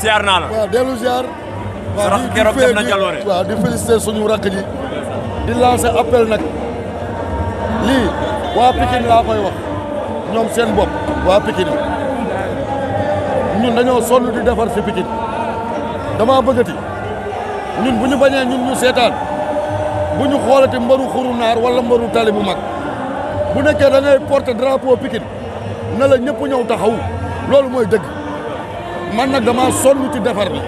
ziar naa la dellu ziar. waaw keroog def na jaloore waaw di féliciter suñu rakk ji. di lancer appel nag lii waa Pikine laa koy wax ñoom seen bopp waa Pikine ñun dañoo sonn di defar fi dama bëggati ñun bu ñu bañee ñun ñu seetaan bu ñu xoolete mbaru xuru naar wala mbaru tali bu mag bu nekkee da ngay porter drapeau Pikine na la ñëpp ñëw taxaw loolu mooy dëgg. man nag dama sonn ci defar bi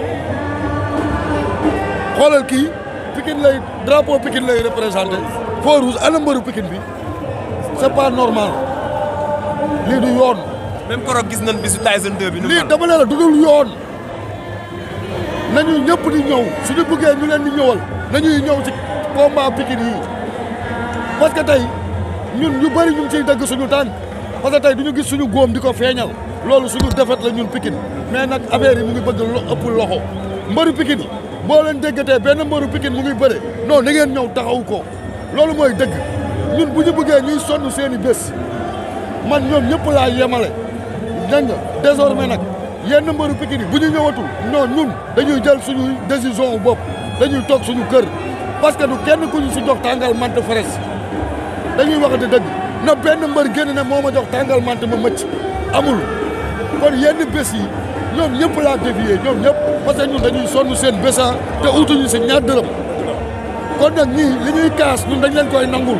xoolal kii Pikine lay drapeau Pikine lay représenté feu rouge ana pikin bi c'est pas normal lii du yoon. même korok gis nañ bisu Tyson bi. lii dama ne la dudul yoon nañu ñëpp di ñëw suñu bëggee ñu leen di ñëwal nañuy ñëw ci combat Pikine yi parce que tey ñun ñu bëri ñu ngi ciy dagg suñu tànk. parce tey du ñu gis suñu góom di ko feeñal loolu suñu défaite la ñun Pikine mais nag affaire yi mu ngi bëgg lo ëpp loxo mbëru Pikine boo leen déggatee benn mbëru Pikine mu ngi bëre non na ngeen ñëw taxaw ko loolu mooy dëgg ñun bu ñu bëggee ñuy sonn seen i bés man ñoom ñëpp laa yemale dégg nga désormais nag yenn mbëru Pikine yi bu ñu ñëwatul non ñun dañuy jël suñu décision bopp dañuy toog suñu kër parce que du kenn ku ñu si jox tàngal mante fres dañuy waxante dëgg na benn mbër génn ne moo ma jox tàngal mante ma amul kon yenn bés yi ñoom ñëpp laa dévier ñoom ñëpp parce que dañuy sonn seen bésa ah, te utuñu si ñaar dërëm kon nag ñii li ñuy kaas ñun dañ leen koy nangul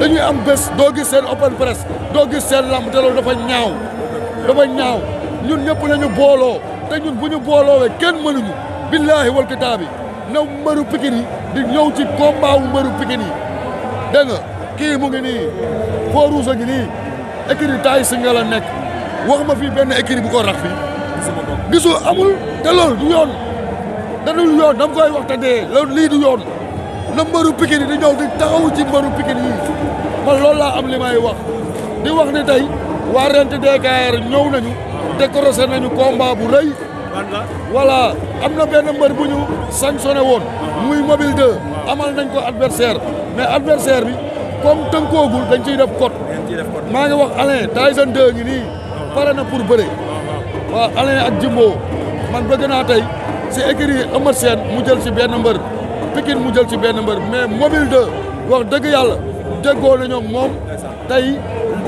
dañuy am bés doo gis seen open press doo gis seen làmb te loolu dafa ñaaw dafa ñaaw ñun ñëpp lañu booloo te ñun bu ñu booloowee kenn mënuñu billaahi wal kitaabi na mbëru Pikine di ñëw ci combat wu mbëru Pikine yi dégg nga kii mu ngi nii foo ruusa ngi nii écurie taay si nga wax ma fi benn écurie bu ko rax fii gisu amul te loolu du yoon danul yoon dam koy wax te dee loolu lii du yoon na mbëru Pikine di ñëw di taxawu ci mbëru Pikine yi man loolu laa am li may wax di wax ni tey waa rent DKR ñëw nañu décorosé nañu combat bu rëy voilà am na benn mbër bu ñu sanctionné woon muy mobile 2 amal nañ ko adversaire mais adversaire bi comme tënkoogul dañ ciy def code maa ngi wax Alain Tyson 2 ngi nii ah. pare na pour bëre ah, ah. waaw Alain ak Jimbo man bëgg naa tey si écurie Eumeu Sène mu jël si benn mbër Pikine mu jël si benn mbër mais mobile 2 wax dëgg yàlla déggoo nañoo moom tey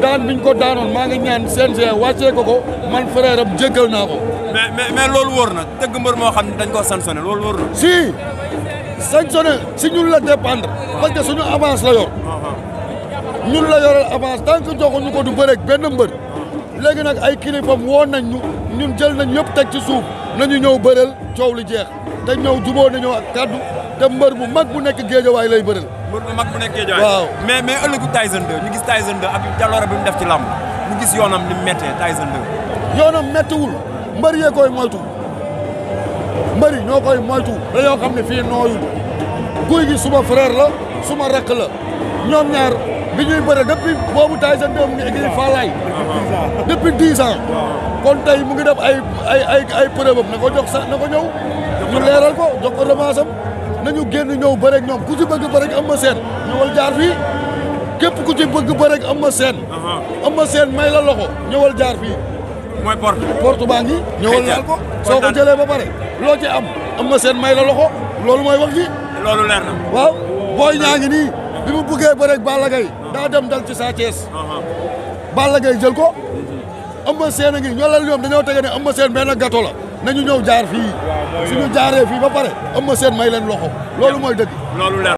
daan biñ ko daanoon maa ngi ñaan CNG wàccee ko ko man frère am jéggal naa ko mais mais mais loolu wóor nag dëgg mbër moo xam ne dañ koo sansone loolu wóor na si sanctionné si ñun la dépendre parce que suñu avance la yor ñun la yoreel avance tant joxuñu ko du bëreeg benn mbër léegi nag ay kilifam woon nañ ñu ñun jël nañ yëpp teg ci suuf nañu ñëw bëreel coow li jeex te ñëw juboo nañoo ak kaddu te mbër bu mag bu nekk géejawaay lay bëreel. mbër bu mag bu nekk géejawaay. waaw mais mais ëllëgu Tyson 2 ñu gis Tyson 2 ak jaloore bi mu def ci lam mu gis yoonam ni mu méttee Tyson 2. yoonam méttiwul mbër yee koy moytu mbër yi ñoo koy moytu dañoo xam ne fii nooyul guy gi suma frère la suma rakk la ñoom bi ñuy bëre depuis boobu Tyson doom ngi écrit Fallaye depuis dix ans kon tey mu ngi def ay ay ay ay preuve am na ko jox sa na ko ñëw ñu leeral ko jox ko revanche am nañu génn ñëw bëre ak ñoom ku ci bëgg bëre ak Eumeu Sène ñëwal jaar fii képp ku ci bëgg am ak seen Sène uh-huh. ma Sène may la loxo ñëwal jaar fii mooy porte porte baa ngi ñëwal laal ko soo ko jëlee ba pare loo ci am ma seen may la loxo loolu mooy wax ji waaw booy ñaa ngi nii bi mu bëggee bëre ak Balla daa dem dal ci Sa Thiès Balla Gaye jël ko Eumeu Sène a ñoo la ñoom dañoo tege ne Eumeu Sène benn gâteau la nañu ñëw jaar fii suñu jaaree fii ba pare Eumeu Sène may leen loxo loolu mooy dëgg